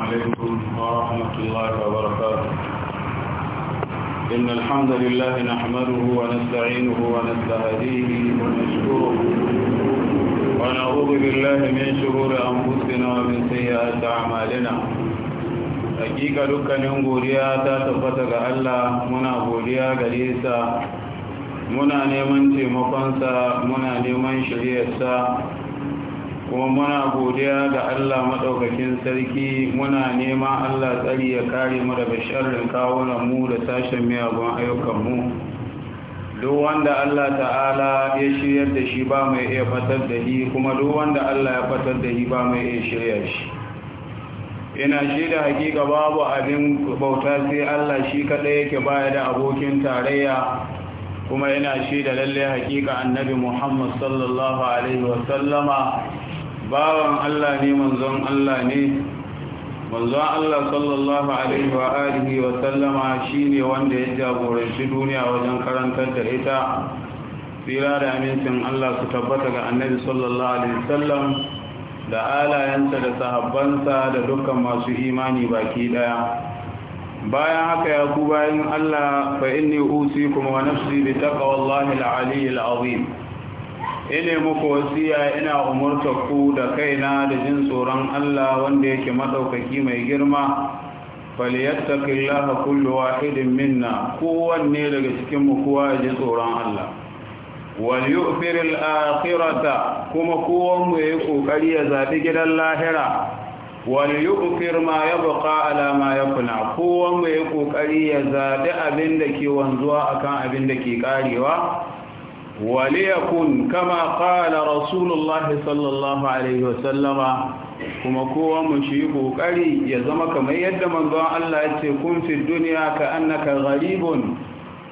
عليكم ورحمة الله وبركاته إن الحمد لله نحمده ونستعينه ونستهديه ونشكره ونعوذ بالله من شرور أنفسنا ومن سيئات أعمالنا أجيك لك نقول يا تاتفتك ألا منا muna يا قليسا منا muna neman منا muna neman kuma muna godiya ga Allah maɗaukakin sarki muna nema Allah tsari ya kare mu daga sharrin kawunan mu da sashen miyagun ayyukan mu duk wanda Allah ta'ala ya shiryar da shi ba mai iya fatar da shi kuma duk wanda Allah ya fatar da shi ba mai iya shirya shi ina shi da hakika babu abin bauta sai Allah shi kaɗai yake baya da abokin tarayya kuma yana shi da lalle hakika annabi Muhammad sallallahu alaihi wasallama bawan Allah ne manzon Allah ne manzon Allah sallallahu alaihi wa alihi wa sallama shine wanda ya jagoranci duniya wajen karantar da ita tsira da amincin Allah su tabbata ga annabi sallallahu alaihi wasallam da alayensa da sahabbansa da dukkan masu imani baki daya bayan haka ya ku bayan Allah fa inni usikum wa nafsi bi taqwallahi al-aliyyil azim ina muku wasiya ina umurtar ku da kaina da jin tsoron Allah wanda yake matsaukaki mai girma falyattaqillaha kullu wahidin minna kowanne daga cikin mu kowa ya ji tsoron Allah wal yu'fir al akhirata kuma kowan mu yayi kokari ya zabi gidan lahira wal yu'fir ma yabqa ala ma yakuna kowan mu yayi kokari ya zabi abin da ke wanzuwa akan abin da ke karewa وليكن كما قال رسول الله صلى الله عليه وسلم kuma kowa mu shi kokari ya zama kamar yadda manzon Allah ya ce kun fi duniya ka annaka gharibun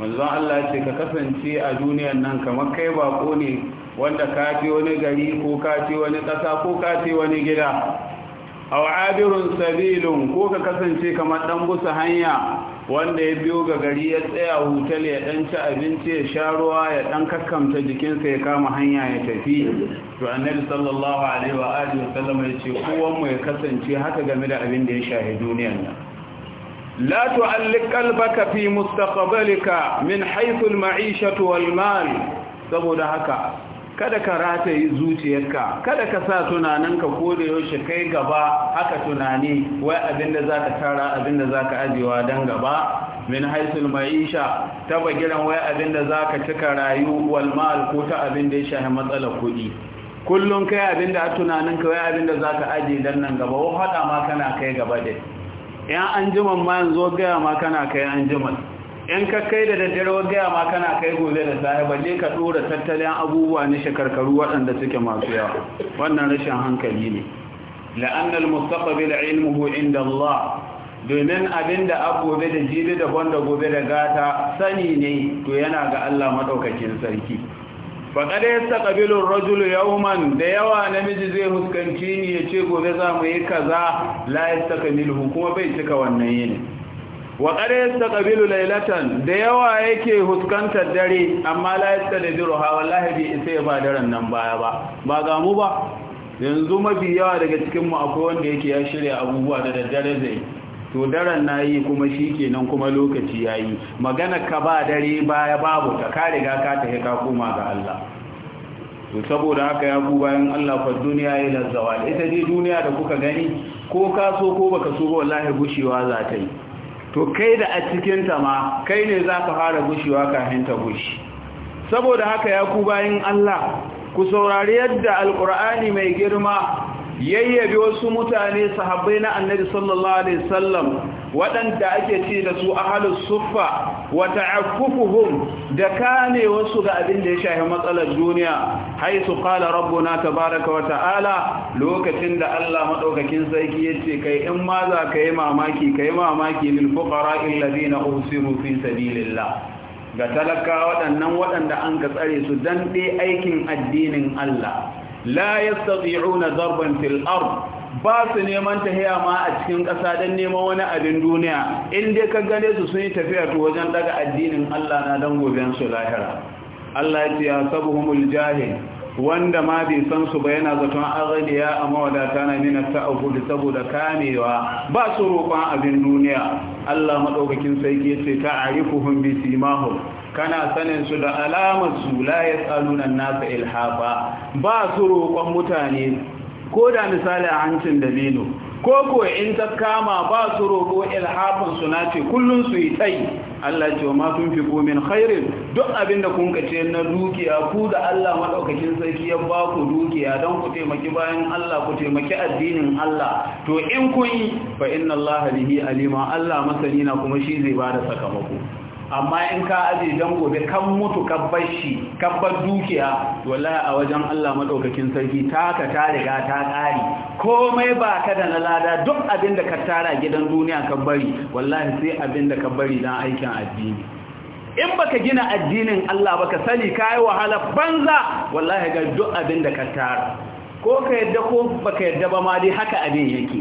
manzon Allah ya ce ka kasance a duniyar nan kamar kai bako ne wanda ka ce wani gari ko ka ce wani ƙasa ko ka ce wani gida aw abirun sabilun ko ka kasance kamar dan busa hanya wanda ya biyo ga gari ya tsaya hutal ya dan ci abinci ya sha ruwa ya dan kakkamta jikinsa ya kama hanya ya tafi to annabi sallallahu alaihi wa alihi wasallam ya ce kowan mu ya kasance haka game da abin da ya shahi duniyar nan la tu'alliq qalbaka fi mustaqbalika min haythu al-ma'ishatu wal mal saboda haka kada ka rataye zuciyarka kada ka sa tunaninka ko da yaushe kai gaba haka tunani wai abinda zaka tara abinda zaka ajiyewa dan gaba min haisul maisha ta bagiran wai abinda zaka cika rayu wal mal ko ta abinda ya shafi matsalar kuɗi kullun kai abinda a tunaninka wai abinda zaka ajiye dan nan gaba wa hada ma kana kai gaba dai yan anjiman ma yanzu ga ma kana kai anjiman in ka kai da daddare gaya ma kana kai gobe da safe ba ka dora tattalin abubuwa na shekarkaru waɗanda suke masu yawa wannan rashin hankali ne la'anna al-mustaqbil ilmuhu inda Allah domin abinda gobe da jibi da gwanda gobe da gata sani ne to yana ga Allah madaukakin sarki faƙaɗe ya kabilun rajulu yawman da yawa namiji zai huskanci ni ya ce gobe za mu yi kaza la ya kamilu kuma bai cika wannan yini wa ƙare ta ƙabilu lailatan da yawa yake huskantar dare amma layasta da biro hawa lahabi isa ya ba daren nan baya ba ba ga mu ba yanzu mafi yawa daga cikin mu akwai wanda yake ya shirya abubuwa da daddare zai to daren na yi kuma shi kenan kuma lokaci ya yi magana ka ba dare baya babu ka ka riga ka tafi ka koma ga Allah to saboda haka ya ku bayan Allah fa duniya ya lazzawa ita dai duniya da kuka gani ko ka so ko baka so wallahi gushewa za ta yi to kai da a cikinta ma kai ne za ka fara gushewa kafin ta gushi saboda haka ya ku bayan Allah ku saurari yadda alkur'ani mai girma yayyabe wasu mutane sahabbai na annabi sallallahu alaihi wasallam waɗanda ake ce da su ahalus suffa wa ta'affufuhum da kane wasu ga abin da ya shafi matsalar duniya haisu qala rabbuna tabaaraka wa ta'ala lokacin da Allah madaukakin sarki yace kai in ma za ka yi mamaki kai mamaki lil fuqara alladhina usiru fi sabilillah ga talaka waɗannan waɗanda an ka tsare su dan dai aikin addinin Allah la yastati'una darban fil ard ba su neman tahiya ma a cikin ƙasa don neman wani abin duniya in dai ka gane su sun yi tafiya to wajen daga addinin Allah na dan goben su lahira Allah ya sabuhumul jahil wanda ma bai san su ba yana zaton azaliya a mawadata na nina ta'ahudu saboda kamewa ba su roƙon abin duniya Allah madaukakin sarki ta arifuhun bi simahum kana sanin su da alamar su tsalunan yasaluna nasa ilhafa ba su roƙon mutane ko da misali a hancin dabino ko ko in ta kama ba su roƙo ilhafin na ce kullum su yi tsayi. Allah ce wa ma fi komin khairin duk abin da kun kace na dukiya ku da Allah maɗaukakin sarki ya ba ku dukiya don ku taimaki bayan Allah ku taimaki addinin Allah to in kun yi fa inna Allah bihi alima Allah masani na kuma shi zai ba da sakamako amma in ka aje dan gobe kan mutu kabbar shi kabbar dukiya wallahi a wajen Allah madaukakin sarki ka ta riga ta kare komai ba ka da lada duk abin da ka tara gidan duniya ka bari wallahi sai abin da ka bari dan aikin addini in baka gina addinin Allah baka sani kai wahala banza wallahi ga duk abin da ka tara ko ka yadda ko baka yadda ba ma dai haka abin yake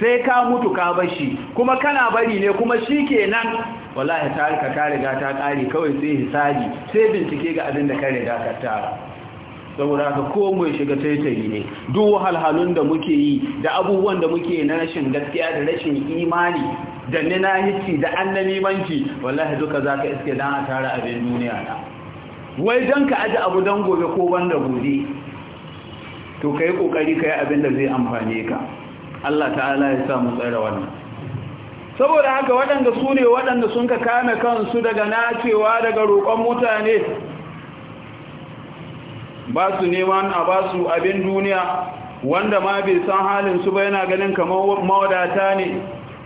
sai ka mutu ka bashi. shi kuma kana bari ne kuma shi shikenan wallahi ta ka riga ta kare kawai sai hisabi sai bincike ga abin da ka riga ka tara saboda ka ko mu shiga taitayi ne duk wahalhalun da muke yi da abubuwan da muke na rashin gaskiya da rashin imani da ni na ninahici da annabimanci wallahi duka zaka iske dan a tara abin duniya na wai dan ka aje abu dan gobe ko banda gobe to kai kokari kai abin da zai amfane ka Allah ta'ala ya sa mu tsara wannan saboda haka waɗanda su ne waɗanda sun ka kame kansu daga nacewa daga roƙon mutane ba su neman a ba su abin duniya wanda ma bai san halin su ba yana ganin kamar mawadata ne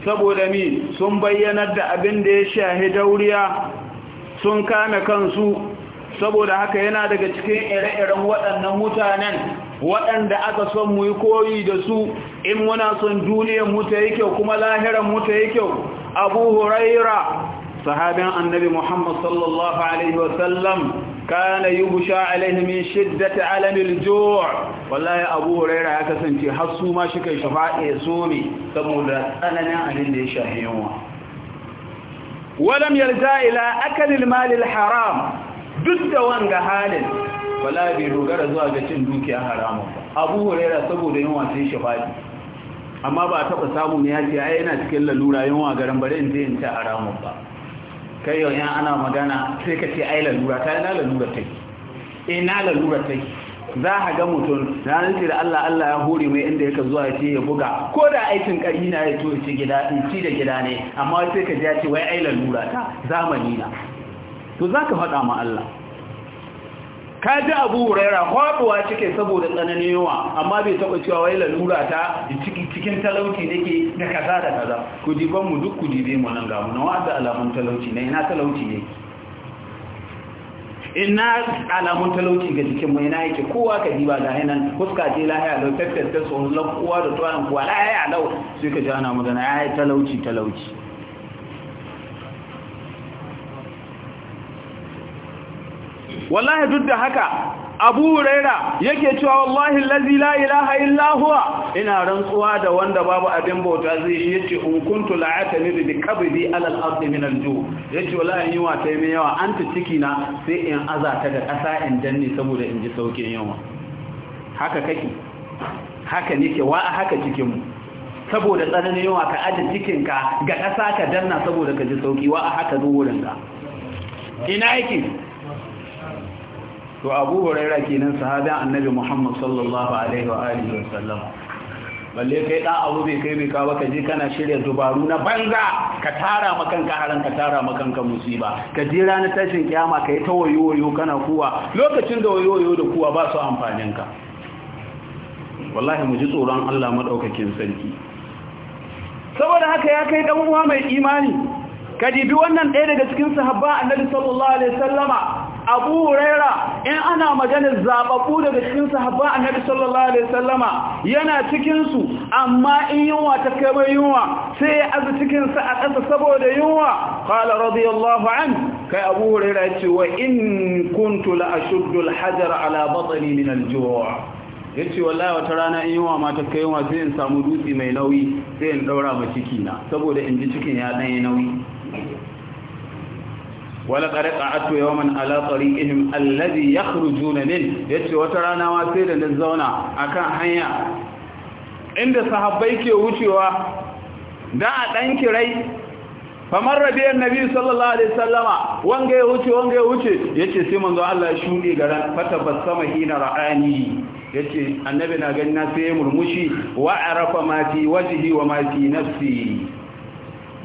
saboda mi sun bayyanar da abin da ya shahi dauriya sun kame kansu saboda haka yana daga cikin ire-iren waɗannan mutanen waɗanda aka son mu yi koyi da su in muna son duniyar mu ta yi kyau kuma lahiran mu ta yi kyau abu huraira sahabin annabi muhammad sallallahu alaihi wasallam kana yubsha alaihi min ta alamil ju' wallahi abu huraira ya kasance har su ma shi kai shafa'i so ne saboda tsananin abin da ya shahi yawa walam yarda ila akalil malil haram duk da wanga halin wala bai dogara zuwa ga cin dukiya haramun abu huraira saboda yunwa sai shi faɗi amma ba a taɓa samun ya ce ai yana cikin lalura yunwa garin bare in je in ci haramun ba kai yau yan ana magana sai ka ce ai lalura ta ina lalura ta ina lalura ta za a ga mutum ranar ce da Allah Allah ya hore mai inda yaka zuwa ce ya buga ko da aikin ƙari na ya to ce gida in ci da gida ne amma sai ka ji ya ce wai ai lalura ta zamani na to za ka faɗa ma Allah ka ji abu huraira kwaɗuwa cike saboda tsananin yawa amma bai taɓa cewa wai lalura ta cikin talauci nake na kaza da kaza ku diban mu duk ku dibe mu nan gamu na wadda alamun talauci na ina talauci ne ina alamun talauci ga jikin mai na yake kowa ka diba ga hinan fuska ce lahiya lau tattasta tsohon kowa da tuwayen kowa lahiya lau sai ka ji ana magana ya yi talauci talauci wallahi duk da haka abu raira yake cewa wallahi lazi la ilaha illa huwa ina rantsuwa da wanda babu abin bauta zai shi yace in kuntu la atani bi kabdi ala al-ard min al-ju yace wallahi yiwa ta yi yawa anta ciki na sai in azata da kasa in danne saboda in ji saukin yawa haka kake haka nake wa haka cikin mu saboda tsananin yawa ka aje cikin ka ga kasa ka danna saboda ka ji sauki wa haka zo ka ina yake to abu huraira kenan sahabin annabi muhammad sallallahu alaihi wa alihi wa sallam balle kai dan abu bai kai bai kawo ka je kana shirya dubaru na banza ka tara makan ka haran ka tara makan ka musiba ka je ranar tashin kiyama kai ta wayo-wayo kana kuwa lokacin da wayo-wayo da kuwa ba su amfanin ka wallahi mu ji tsoron Allah madaukakin sarki saboda haka ya kai dan uwa mai imani ka dibi wannan ɗaya daga cikin sahabba annabi sallallahu alaihi wasallama abu huraira in ana maganar zababbu daga cikin sahabba annabi sallallahu alaihi wasallama yana cikin su amma in yunwa ta kai mai yunwa sai ya azu cikin sa a ƙasa saboda yunwa kala radiyallahu an kai abu huraira ce wa in kuntu la ashuddu al-hajar ala batni min al-ju' yace wallahi wata rana in yunwa ma ta kai yunwa sai in samu dutse mai nauyi sai in daura ma ciki na saboda in ji cikin ya dan nauyi wala qad qa'atu yawman ala tariqihim alladhi yakhrujuna min ce wata rana ma sai da na zauna akan hanya inda sahabbai ke wucewa da a ɗan kirai famar rabi Nabi sallallahu alaihi Sallama, wanga ya wuce wanga ya wuce yace sai manzo Allah ya shude garan fatabassama hina ra'ani yace annabi na gani na sai ya murmushi wa arafa ma fi wajhi wa ma fi nafsi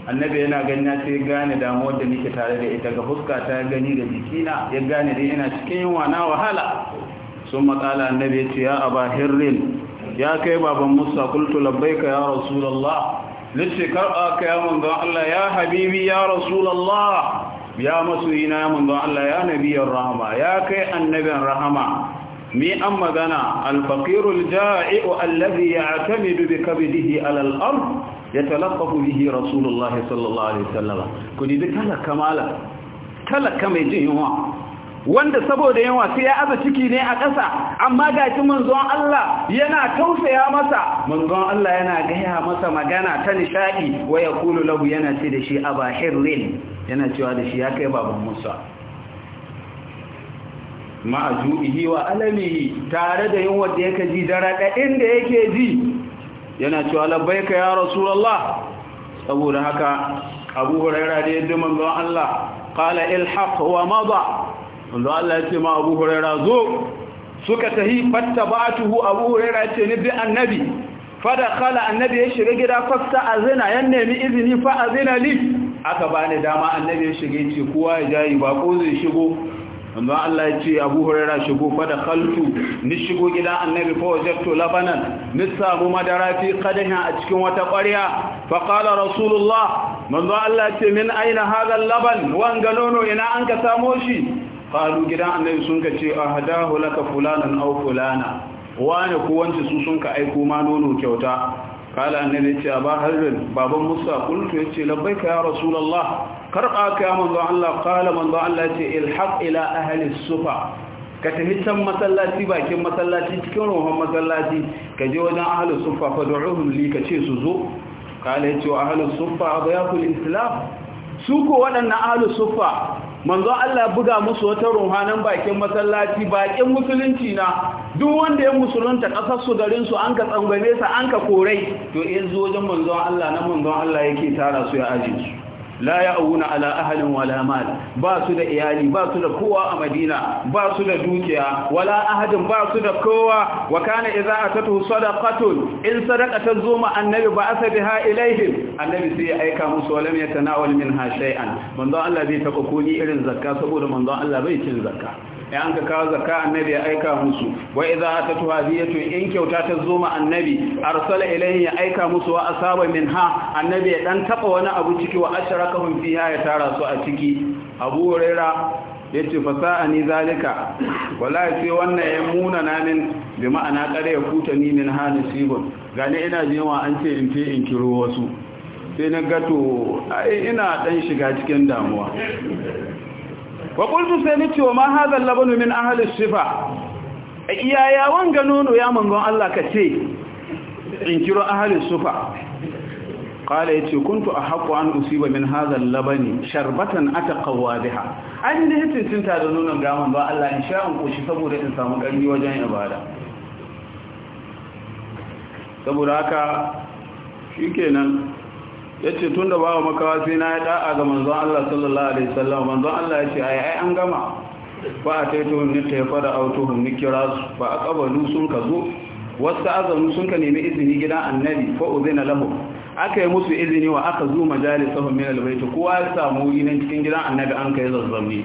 annabi yana gani na sai gane damuwar da nake tare da ita ga fuska ta gani da jikina ya gane da yana cikin yin wahala sun matsala annabi ya ce ya aba hirrin ya kai baban musa kultu labbaika ya rasulallah lice karɓa ka ya manzon allah ya habibi ya rasulallah ya masoyina ya manzon allah ya nabiyar rahama ya kai annabin rahama mi an magana alfaqirul ja'i'u allazi ya'tamidu bi kabdihi ala ard ya talaffahu bihi rasulullah sallallahu alaihi wasallam ku didi kala kamala talaka mai jin yunwa wanda saboda yawa sai ya aza ciki ne a ƙasa amma ga shi manzon Allah yana tausaya masa manzon Allah yana gaya masa magana ta nishadi wa yaqulu lahu yana ce da shi aba hirrin yana cewa da shi ya kai baban Musa ma'ajuhi wa alamihi tare da yin wanda yake ji da raɗaɗin da yake ji yana cewa labbaika ya lallah saboda haka abu huraira da yadda manzon Allah qala ilhaq wa mada wanda Allah ya ce ma abu huraira zo suka tahi fattaba'tuhu abu huraira ce ni bi annabi kala annabi ya shiga gida fasta azina ya nemi izini fa zina li aka bani dama annabi ya shiga ce kowa ya jayi ba ko zai shigo amma Allah ya ce Abu Huraira shigo fa da khaltu ni shigo gidan Annabi fa wajadtu labanan ni samu madara fi qadaha a cikin wata ƙwarya fa qala Rasulullah manzo Allah ya ce min aina hadha laban wanga nono ina an ka samo shi qalu gidan Annabi sun ka ce ahadahu laka fulanan aw fulana wani ko wanda su sun ka aiko ma nono kyauta kala annabi ce ba harbin baban musa kultu ya ce ka ya rasulallah karɓa ka ya manzo Allah kala manzo Allah ce ilhaq ila ahalis sufa ka tafi can masallaci bakin masallaci cikin ruhun masallaci ka je wajen ahli sufa fa du'uhum li ka ce su zo kala ya ce wa ahli sufa adyafu islam su ko waɗannan ahli sufa manzo Allah buga musu wata ruhanan bakin masallaci bakin musulunci na duk wanda ya musulunta kasar su garin su an ka tsangwame sa an ka korai to in zo wajen manzo Allah na manzo Allah yake tara su ya ajiye su la ya'una ala ahlin wala mal ba su da iyali ba su da kowa a madina ba su da dukiya wala ahadin ba su da kowa wa kana idza atatu sadaqatun in sadaqatan zuma annabi ba asa biha ilaihim annabi sai ya aika musu walam yatanawal minha shay'an manzo Allah bai taɓa kuni irin zakka saboda manzo Allah bai cin zakka ya an ka kawo zakka annabi ya aika musu wa idza atatu hadiyatu in kyauta ta zo ma annabi arsala ilayhi ya aika musu wa asaba minha annabi ya dan taba wani abu ciki wa asharakahum fiha ya tara su a ciki abu huraira yace fasa'ani zalika wallahi sai wannan ya muna na min bi ma'ana kare ya kuta ni min hanisibun gani ina jewa an ce in fi in kiro wasu sai na gato ina dan shiga cikin damuwa wa sai ni ce wa ma hadha labanu min ahli shifa iyaya wanga nono ya mangon Allah ka ce in kiro ahli shifa qala yace kuntu ahqqu an usiba min hadha labani sharbatan ataqawa biha an ni hitin da nonon gaman ba, Allah in sha in koshi saboda in samu ƙarfi wajen ibada saboda haka shikenan ya ce tun da ba wa makawa sai na ya da'a ga manzon Allah sallallahu alaihi wasallam manzon Allah ya ce ai ai an gama ba a taito ni ta yafa da auto ni kira su ba a kabalu sun ka zo wasu azamu sun ka nemi izini gidan annabi fa uzina lahu aka yi musu izini wa aka zo majalisahum min albayt kowa ya samu yinan cikin gidan annabi an kai zazzami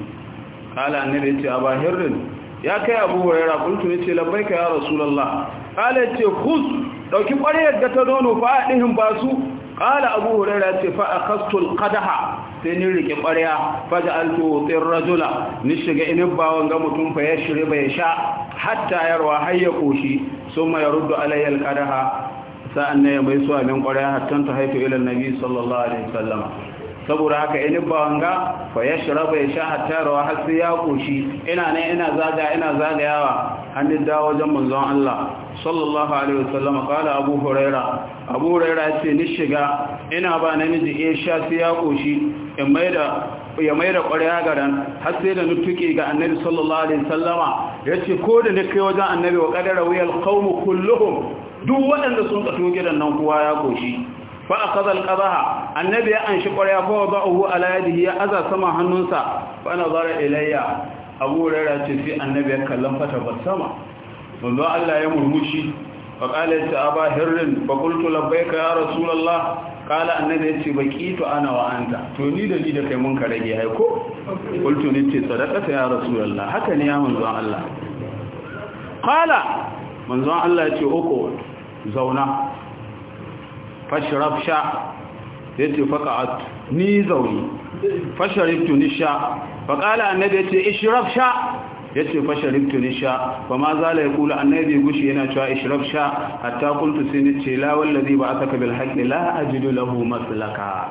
kala annabi ya ce aba hirrin ya kai abu hurairah kuntu ne ce labbaika ya rasulullah kala ya ce khus dauki ƙwariyar da ta nono fa a ɗihin basu Ƙala abu hurairah ce fa akhadtu alqadaha sai ni rike ƙwarya fa ja'altu tin rajula ni shiga inin bawan mutum fa ya shiri bai sha hatta yarwa sa'an ne mai suwa min ƙwarya hatton ta haitu ila annabi sallallahu alaihi wasallam saboda haka inin bawan fa ya shira bai sha hatta yarwa har sai ya koshi ina ne ina zaga ina zagayawa hannun wajen manzon Allah sallallahu alaihi wasallam kala abu huraira abu huraira ce ni shiga ina ba namiji E sha sai ya koshi in maida ya maida ƙwarya garan har sai da nutuke ga annabi sallallahu alaihi wasallama yace ko da ni kai wajen annabi wa qadara wuyar qawmu kulluhum duk waɗanda sun tsato gidan nan kuwa ya koshi fa akaza alqadaha annabi ya anshi ƙwarya fa wada'uhu ala yadihi ya aza sama hannunsa fa nazara ilayya abu huraira ce sai annabi ya kallon fata sama manzo Allah ya murmushi fa qala ta aba hirrin fa qultu labbaika ya rasulullah qala annabi yace baqitu ana wa anta to ni da ni da kai mun ka rage hai ko qultu ni ce sadaqata ya rasulullah haka ne ya manzo Allah qala manzo Allah ce uku zauna fashrab sha ya yace faqa'at ni zauni fasharibtu nisha faqala annabi yace ishrab sha yace fa sharibtu nisha fa ma zala kula annabi gushi yana cewa ishrab sha hatta qultu sai ce la wallazi ba'athaka bil haqqi la ajidu lahu maslaka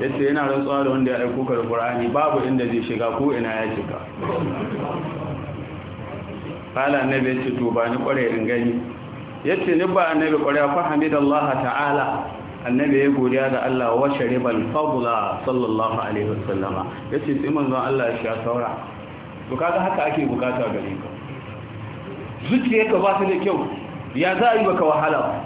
yace yana rantsuwa da wanda ya aiko ka Qur'ani babu inda zai shiga ko ina ya shiga kala annabi yace to ba ni kware in gani yace ni ba annabi kware fa hamidallahi ta'ala annabi ya godiya ga Allah wa sharibal fadla sallallahu alaihi wasallama yace sai manzon Allah ya sha saura to haka ake bukata gare ka zuciyarka ba ta da kyau ya za a yi baka wahala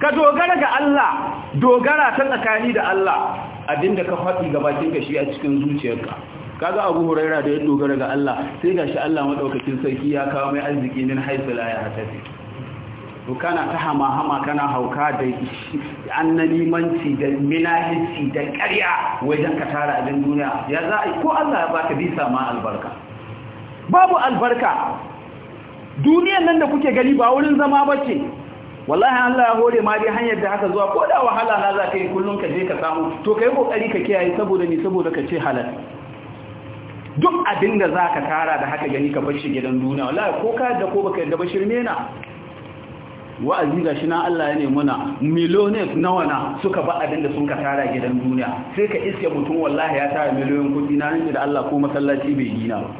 ka dogara ga Allah dogara ta tsakani da Allah abinda ka faɗi gabatin ka shi a cikin zuciyarka ka ga Abu Huraira da ya dogara ga Allah sai ga shi Allah madaukakin sarki ya kawo mai arziki min ya ayatati to kana ta hama-hama kana hauka da annalimanci da minahici da ƙarya wajen ka tara abin duniya ya za a yi ko Allah ya baka bisa ma albarka babu albarka duniyan nan da kuke gani ba wurin zama bace wallahi Allah ya hore ma dai hanyar da haka zuwa ko da wahala na za ka yi kullum ka je ka samu to ka yi kokari ka kiyaye saboda ni saboda ka ce halal duk abin da za ka tara da haka gani ka bar gidan duniya wallahi ko ka yadda ko baka yadda ba shirme na wa'azi ga shi na Allah ya ne na miliyonif nawa na suka ba abin da sun ka tara gidan duniya sai ka iske mutum wallahi ya tara miliyoyin kudi na nan da Allah ko masallaci bai gina ba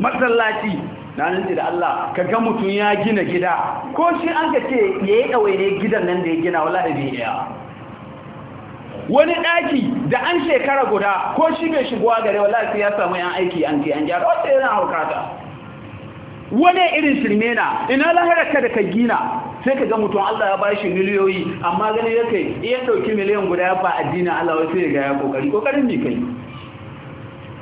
masallaci na nan da Allah ka ga mutum ya gina gida ko shi an ka ce ya yi gidan nan da ya gina wallahi bai iya wani daki da an shekara guda ko shi bai shigowa gare wallahi sai ya samu yan aiki an ji an gyara wata yana haukata wani irin shirme na ina lahirar ka da ka gina sai ka ga mutum Allah ya bashi miliyoyi amma gani ya kai iya ɗauki miliyan guda ya ba addinin Allah wai sai ya ga ya kokari kokarin kai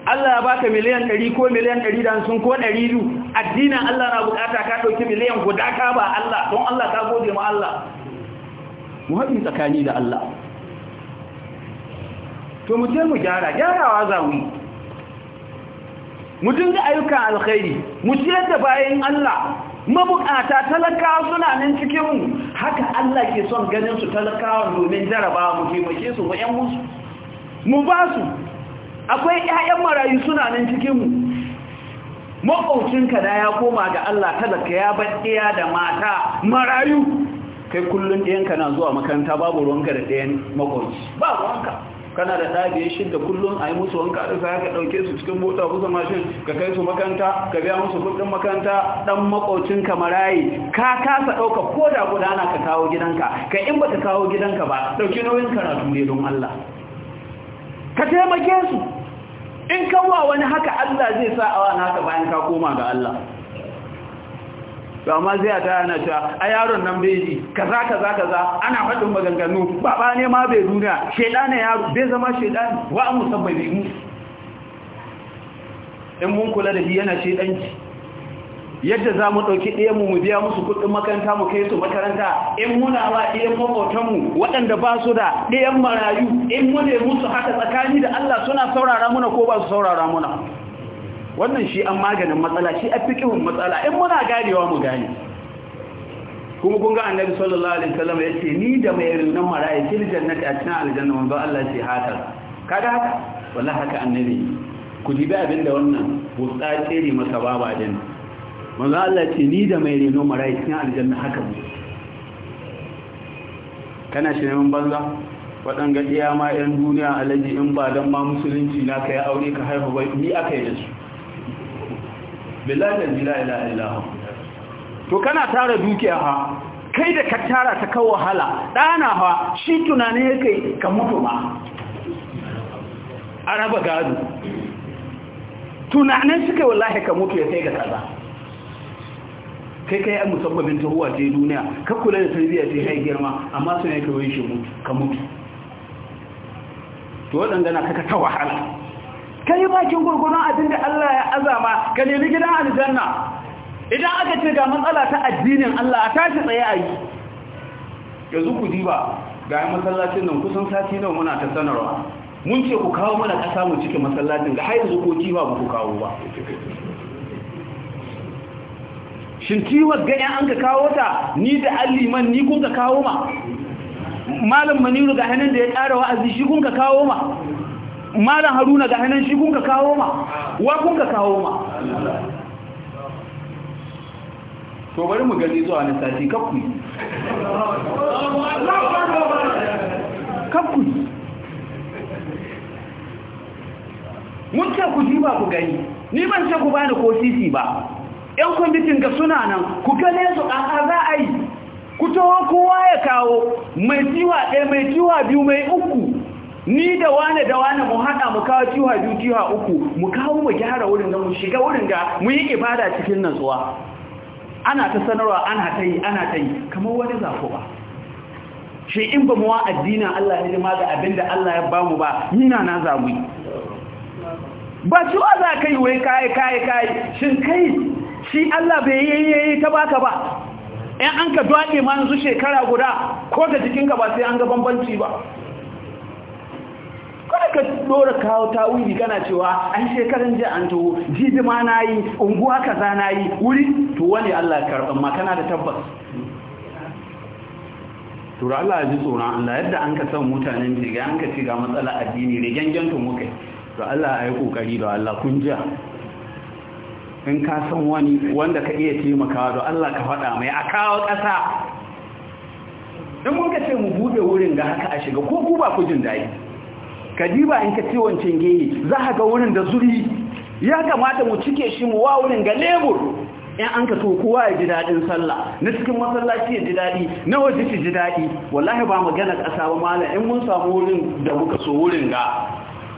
Allah ya baka miliyan 100 ko miliyan sun ko 100 addinin Allah na bukata ka ɗauki miliyan guda ka ba Allah don Allah ka gode ma Allah mu haɗin tsakani da Allah to mu je mu gyara gyarawa za mu mu dinga ayyukan alkhairi mu ciyar da bayan Allah mabukata talakawa suna nan cikin haka Allah ke son ganin su talakawa domin jaraba mu taimake su mu yan musu mu ba su akwai ƴaƴan marayu suna nan cikin mu ka da ya koma ga Allah talaka ya bar da mata marayu kai kullun ɗayan na zuwa makaranta babu ruwanka da ɗayan makauci babu wanka kana da ɗabiya shidda kullum a yi musu wanka da sai ka ɗauke su cikin mota kusa mashin ka kai su makanta ka biya musu kuɗin makanta ɗan makocin ka marayi ka kasa ɗauka ko da gudana ka kawo gidanka ka in ba ka kawo gidanka ba ɗauki nauyin karatu ne don Allah ka taimake su in kawo wani haka Allah zai sa awa naka bayan ka koma ga Allah ba ma zai ta yana cewa a yaron nan bai yi kaza kaza kaza ana faɗin maganganu baba ne ma bai duniya shedane yaro bai zama shedane wa musabbabi mu in mun kula da shi yana shedanci yadda za mu ɗauki ɗayanmu mu biya musu kuɗin makaranta mu kai su makaranta in muna ba ɗayan waɗanda ba su da ɗayan marayu in mune musu haka tsakani da Allah suna saurara muna ko ba su saurara muna wannan shi an maganin matsala shi a fikihun matsala in muna ganewa mu gane kuma kun ga annabi sallallahu alaihi wasallam ya ce ni da mai rinnan maraya fil jannati a cikin aljanna manzo Allah ce haka kaga haka wallahi haka annabi ku dibi abin da wannan wutsa tsere masa baba din manzo Allah ce ni da mai rinnan maraya cikin aljanna haka mu kana shi neman banza waɗanga iya ma 'yan duniya alaji in ba don ma musulunci na ka yi aure ka haifa bai ni aka yi da su billahi la ilaha illa to kana tara dukiya ha kai da ka tara ta kawo wahala dana ha shi tunani ya kai ka mutu ma a raba gado tunanin suka wallahi ka mutu ya kai ga kaza kai kai an musabbabin tahuwa ce duniya ka kula da tarbiyya ce hai girma amma sun yi kawai shi mutu ka mutu to waɗanda na kaka ta wahala kai bakin gurgurun abin da Allah ya azama ka nemi gidan aljanna idan aka ce ga matsala ta addinin Allah a tashi tsaye a yi yanzu ku diba ga masallacin nan kusan sati nawa muna ta sanarwa mun ce ku kawo mana ƙasa mu cike masallacin ga har ko kiwa ba ku kawo ba shin kiwar ga an ka kawo ta ni da alliman ni kun ka kawo ma malam maniru ga hannun da ya ƙara wa'azi shi kun ka kawo ma malam haruna ga hannun shi kun ka kawo ma wa kun ka kawo ma to bari mu gani zuwa na sati kakku kakku mun ce ku ji ba ku gani ni ban ce ku bani ko sisi ba yan kwamitin ga suna nan ku gane su a za a yi ku taho kowa ya kawo mai ciwa ɗaya mai ciwa biyu mai uku ni da wane da wane mu haɗa mu kawo ciwa biyu ciwa uku mu kawo mu gyara wurin da mu shiga wurin da mu yi ibada cikin natsuwa ana ta sanarwa ana ta yi ana ta yi kamar wani zafo ba shi in ba mu wa addina Allah ne ma ga abin da Allah ya bamu ba Ni na zamu yi ba wa za ka yi wai kai kai kai shin kai shi Allah bai yayyaye ta baka ba in an ka duwaɗe ma yanzu shekara guda ko da jikinka ba sai an ga bambanci ba kada ka dora kawo tawili kana cewa ai shekaran jiya an taho jiji ma nayi unguwa kaza nayi wuri to wani Allah karɓar. ma kana da tabbas tura Allah ya ji tsoron Allah yadda an ka san mutanen jiga an ka ci ga matsala addini da gangan to muka to Allah ya yi kokari da Allah kun jiya in ka san wani wanda ka iya taimakawa da Allah ka faɗa mai a kawo ƙasa in mun ka ce mu buɗe wurin ga haka a shiga ko ku ba ku jin daɗi kadiba in ka ce wancan geye za a ga wurin da zuri ya kamata mu cike shi mu wa wurin ga lebur in an ka so kowa ya ji daɗin sallah na cikin masallaci ya ji daɗi na waje ki ji daɗi wallahi ba gana ƙasa ba mala in mun samu wurin da muka so wurin ga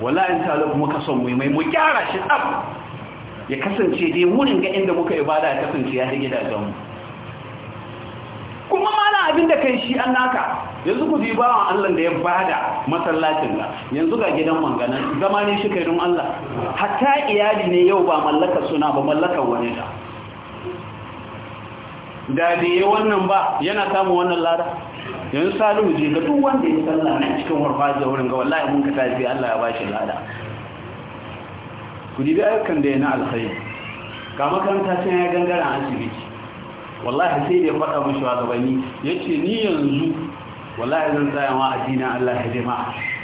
wallahi in ta kuma ka son mai mu gyara shi tsaf ya kasance dai wurin ga inda muka ibada ya kasance ya gidajen mu. kuma mana abin da kai shi an naka yanzu ku bi bawan Allah da ya bada masallacin da yanzu ga gidan mangana zama ne shi kai don Allah hatta iyali ne yau ba mallaka suna ba mallaka wani da da da yi wannan ba yana samun wannan lada yanzu salihu je ga duk wanda ya sallah na cikin warfajiya wurin ga wallahi mun ka tafi Allah ya bashi lada ku dibi ayyukan da yana alkhairi Ka makaranta sun ya gangara asibiti wallahi sai da faɗa mu Ya yace ni yanzu wallahi zan tsaya ma addinin Allah hidima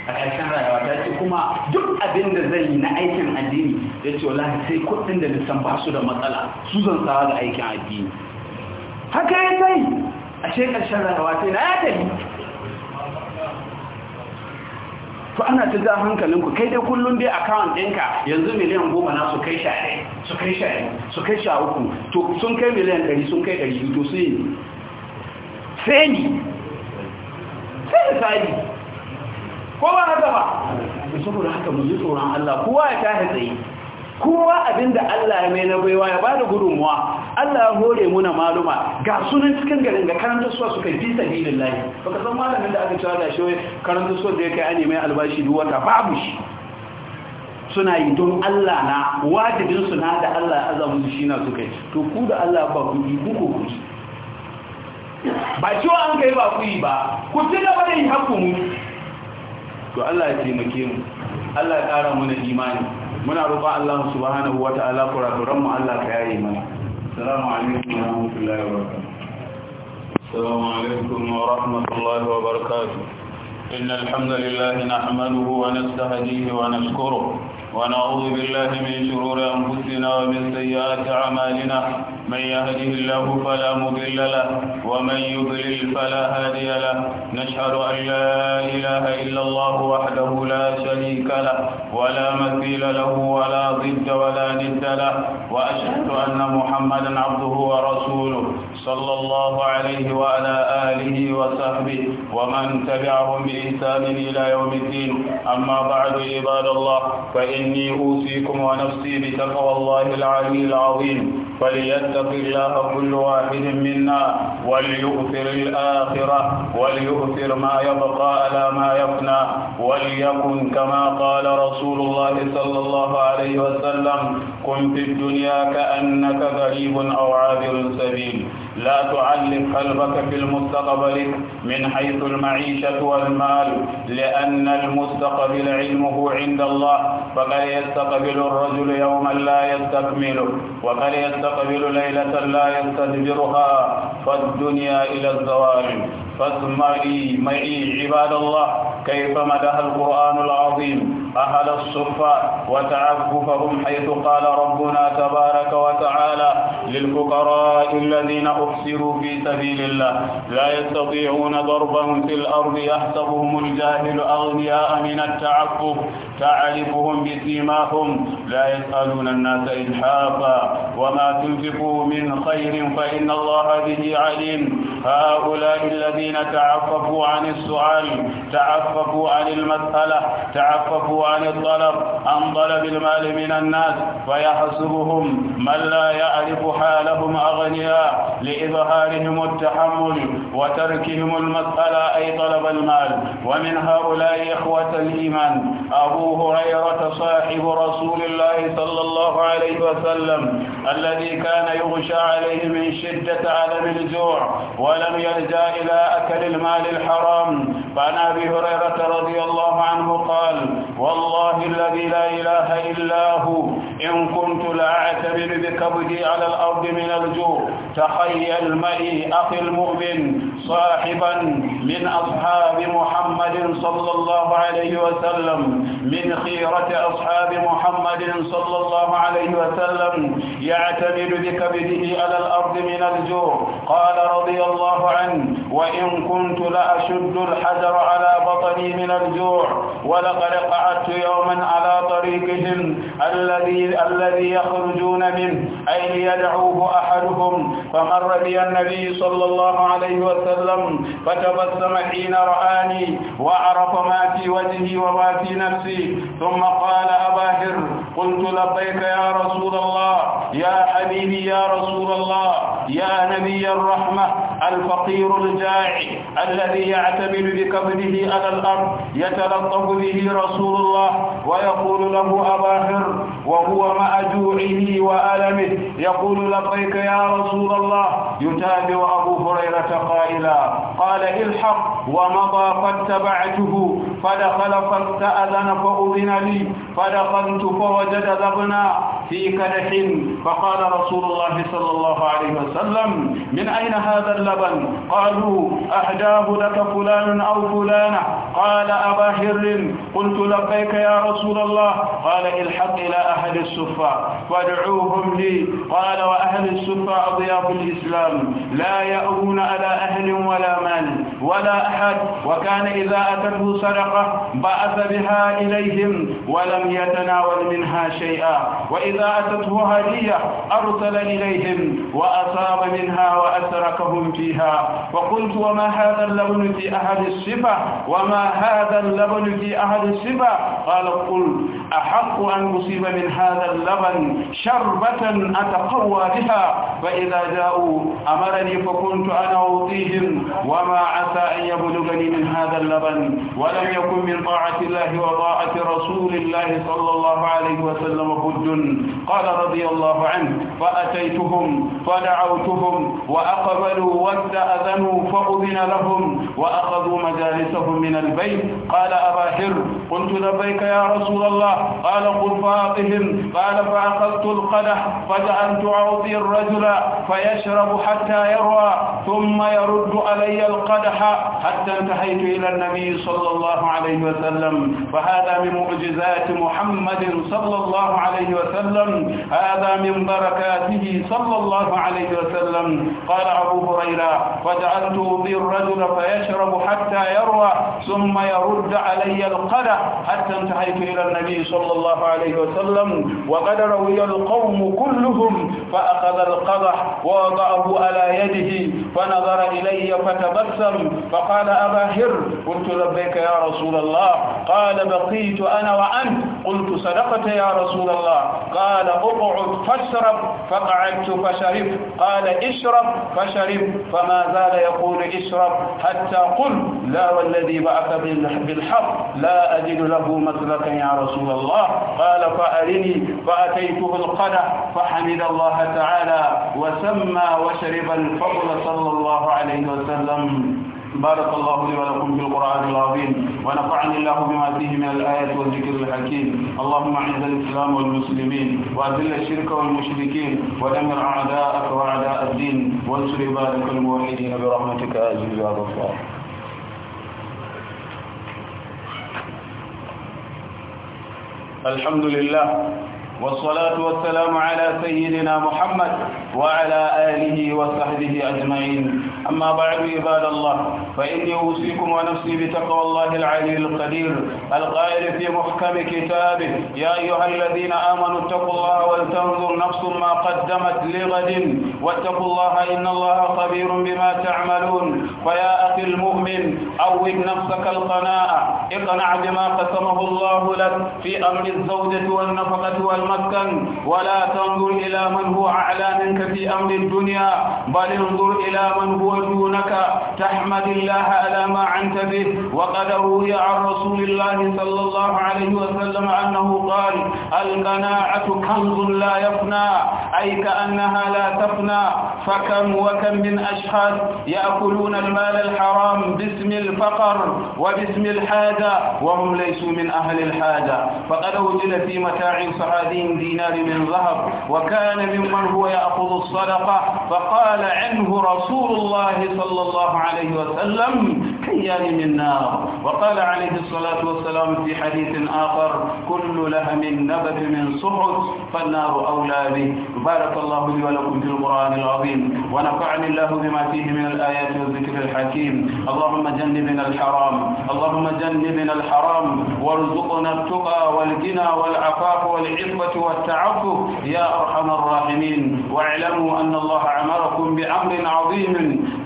a ƙarshen rayuwa ta ce kuma duk abin da zan yi na aikin addini yace wallahi sai kuɗin da nisan ba su da matsala su zan tsawa ga aikin addini haka ya sai ashe ƙarshen rayuwa ta na ya tafi to ana ta za hankalinku kai dai kullum dai account ɗinka yanzu miliyan goma na su kai sha su kai sha su kai sha uku to sun kai miliyan ɗari sun kai ɗari to su yi sai ni sai da sani ko ba haka ba saboda haka mu yi tsoron Allah kowa ya ta tsaye kowa abinda Allah ya mai na baiwa ya ba da gudunmuwa Allah ya hore muna maluma ga sunan cikin garin da karanta suwa suka fi sabilin lahi baka san malamin da aka cewa da shi karanta suwa da ya kai an mai albashi duk wata babu shi suna yi don Allah na wajibin su na da Allah azamu su shi na suka yi to ku da Allah ba ku yi ku ku ba ciwo an kai ba ku yi ba ku ci gaba da yi hakku mu to Allah ya taimake mu Allah ya ƙara mana imani muna roƙa Allah subhanahu wa ta'ala kurakuran mu Allah ka yaye mana assalamu alaikum wa rahmatullahi wa barakatuh السلام عليكم ورحمة الله وبركاته إن الحمد لله نحمده ونستهديه ونشكره ونعوذ بالله من شرور أنفسنا ومن سيئات أعمالنا من يهده الله فلا مضل له ومن يضلل فلا هادي له نشهد أن لا إله إلا الله وحده لا شريك له ولا مثيل له ولا ضد ولا ند له وأشهد أن محمدا عبده ورسوله صلى الله عليه وعلى آله وصحبه ومن تبعهم بإحسان إلى يوم الدين أما بعد عباد الله فإني أوصيكم ونفسي بتقوى الله العلي العظيم فليتق الله كل واحد منا وليؤثر الآخرة وليؤثر ما يبقى على ما يفنى وليكن كما قال رسول الله صلى الله عليه وسلم كن في الدنيا كأنك غريب أو عابر سبيل لا تعلق قلبك في المستقبل من حيث المعيشة والمال لأن المستقبل علمه عند الله فقد يستقبل الرجل يوما لا يستكمله وقد يستقبل تستقبل ليلة لا يستدبرها فالدنيا إلى الزوال فاسمعي معي عباد الله كيف مدح القرآن العظيم أهل الصفا وتعففهم حيث قال ربنا تبارك وتعالى للفقراء الذين أفسروا في سبيل الله لا يستطيعون ضربا في الأرض يحسبهم الجاهل أغنياء من التعفف تعرفهم بسيماهم لا يسألون الناس إلحافا وما تنفقوا من خير فإن الله به عليم هؤلاء الذين تعففوا عن السؤال تعففوا عن المسألة تعففوا عن الطلب عن طلب المال من الناس فيحسبهم من لا يعرف حالهم أغنياء لإظهارهم التحمل وتركهم المسألة أي طلب المال ومن هؤلاء إخوة الإيمان أبو هريرة صاحب رسول الله صلى الله عليه وسلم الذي كان يغشى عليه من شدة ألم الجوع ولم يلجا الى اكل المال الحرام فعن ابي هريره رضي الله عنه قال والله الذي لا اله الا هو ان كنت لاعتمد بكبدي على الارض من الجوع تخيل معي اخي المؤمن صاحبا من اصحاب محمد صلى الله عليه وسلم من خيره اصحاب محمد صلى الله عليه وسلم يعتمد بكبده على الارض من الجوع قال رضي الله الله عنه وإن كنت لأشد الحجر على بطني من الجوع ولقد قعدت يوما على طريقهم الذي الذي يخرجون منه أي ليدعوا أحدهم فمر بي النبي صلى الله عليه وسلم فتبسم حين رآني وعرف ما في وجهي وما في نفسي ثم قال أبا هر قلت لبيك يا رسول الله يا حبيبي يا رسول الله يا نبي الرحمة الفقير الجائع الذي يعتمد بكبده على الأرض يتلطف به رسول الله ويقول له أبا وهو مع جوعه وألمه يقول لك لبيك يا رسول الله يتابع أبو هريرة قائلا قال الحق ومضى فاتبعته فدخل فاستأذن فأذن لي فدخلت فوجد ذبنا في كدح فقال رسول الله صلى الله عليه وسلم من أين هذا اللبن قالوا أهداه لك فلان أو فلانة قال أبا هر قلت لبيك يا رسول الله قال الحق إلى أحد السفة فادعوهم لي قال وأهل السفة أضياف الإسلام لا يأوون على أهل ولا مال ولا أحد وكان إذا أتته سرقة بعث بها إليهم ولم يتناول منها شيئا وإذا أتته هدية أرسل إليهم وأصاب منها وأتركهم فيها وقلت وما هذا اللبن في أهل الصفة وما هذا اللبن في أهل الصفة قال قل أحق أن أصيب من هذا اللبن شربة أتقوى بها فإذا جاءوا أمرني فكنت أنا أوصيهم وما عسى أن يبلغني من هذا اللبن ولم يكن من طاعة الله وطاعة رسول الله صلى الله عليه وسلم بد قال رضي الله عنه فأتيتهم فدعوتهم وأقبلوا واستأذنوا فأذن لهم وأخذوا مجالسهم من البيت قال أبا حر قلت لبيك يا رسول الله قال قل فاقهم قال فأخذ فضربت القدح فجعلت أعطي الرجل فيشرب حتى يروى ثم يرد علي القدح حتى انتهيت إلى النبي صلى الله عليه وسلم فهذا من معجزات محمد صلى الله عليه وسلم هذا من بركاته صلى الله عليه وسلم قال أبو هريرة فجعلت أعطي الرجل فيشرب حتى يروى ثم يرد علي القدح حتى انتهيت إلى النبي صلى الله عليه وسلم وقد روي القوم كلهم فأخذ القدح ووضعه على يده فنظر إلي فتبسم فقال أبا هر قلت لبيك يا رسول الله قال بقيت أنا وأنت قلت صدقت يا رسول الله قال اقعد فاشرب فقعدت فشرب قال اشرب فشرب فما زال يقول اشرب حتى قل لا والذي بعث بالحق لا أجد له مسلكا يا رسول الله قال فأرني فأتيته يبلغه القدح فحمد الله تعالى وسمى وشرب الفضل صلى الله عليه وسلم بارك الله لي ولكم في القرآن العظيم ونفعني الله بما فيه من الآيات والذكر الحكيم اللهم أعز الإسلام والمسلمين وأذل الشرك والمشركين ودمر أعداءك وأعداء الدين وانصر عبادك الموحدين برحمتك أجل يا غفار الحمد لله والصلاة والسلام على سيدنا محمد وعلى آله وصحبه أجمعين أما بعد عباد الله فإني أوصيكم ونفسي بتقوى الله العلي القدير القائل في محكم كتابه يا أيها الذين آمنوا اتقوا الله ولتنظر نفس ما قدمت لغد واتقوا الله إن الله خبير بما تعملون فيا أخي المؤمن عود نفسك القناعة اقنع بما قسمه الله لك في أمر الزوجة والنفقة والمال تتمكن ولا تنظر إلى من هو أعلى منك في أمر الدنيا بل انظر إلى من هو دونك تحمد الله على ما عنت به وقد روي عن رسول الله صلى الله عليه وسلم أنه قال القناعة كنز لا يفنى أي كأنها لا تفنى فكم وكم من أشخاص يأكلون المال الحرام باسم الفقر وباسم الحاجة وهم ليسوا من أهل الحاجة فقد أوجد في متاع صحابين دينار من ذهب وكان ممن هو يأخذ الصدقة فقال عنه رسول الله صلى الله عليه وسلم حياني من نار وقال عليه الصلاة والسلام في حديث آخر كل لهم نبت من صحف فالنار أولى به بارك الله لي ولكم في القرآن العظيم ونفعني الله بما فيه من الآيات والذكر الحكيم اللهم جنبنا الحرام اللهم جنبنا الحرام وارزقنا التقى والجنى والعفاف والعفة والتعفف يا أرحم الراحمين واعلموا أن الله أمركم بأمر عظيم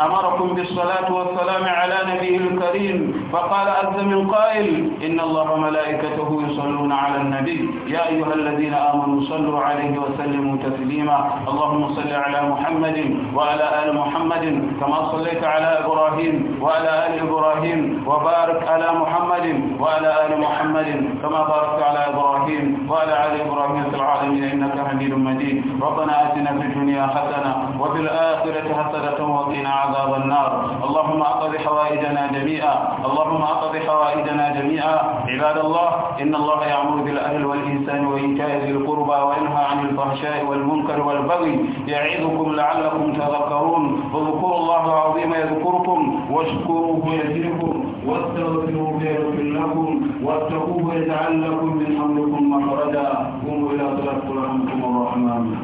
أمركم بالصلاة والسلام على نبي نبيه الكريم فقال عز من قائل إن الله وملائكته يصلون على النبي يا أيها الذين آمنوا صلوا عليه وسلموا تسليما اللهم صل على محمد وعلى آل محمد كما صليت على إبراهيم وعلى آل إبراهيم وبارك على محمد وعلى آل محمد كما باركت على إبراهيم وعلى آل إبراهيم في العالمين إنك حميد مجيد ربنا آتنا في الدنيا حسنة وفي الآخرة حسنة وقنا عذاب النار اللهم أقض حوائجنا جميعا اللهم اقض حوائجنا جميعا عباد الله إن الله يعمر بالأهل والإنسان وإيتاء ذي القربى وينهى عن الفحشاء والمنكر والبغي يعظكم لعلكم تذكرون فاذكروا الله العظيم يذكركم واشكروه يزدكم واستغفروه يغفر لكم واتقوه يجعل لكم من أمركم مخرجا قوموا إلى صلاة الله الرحمن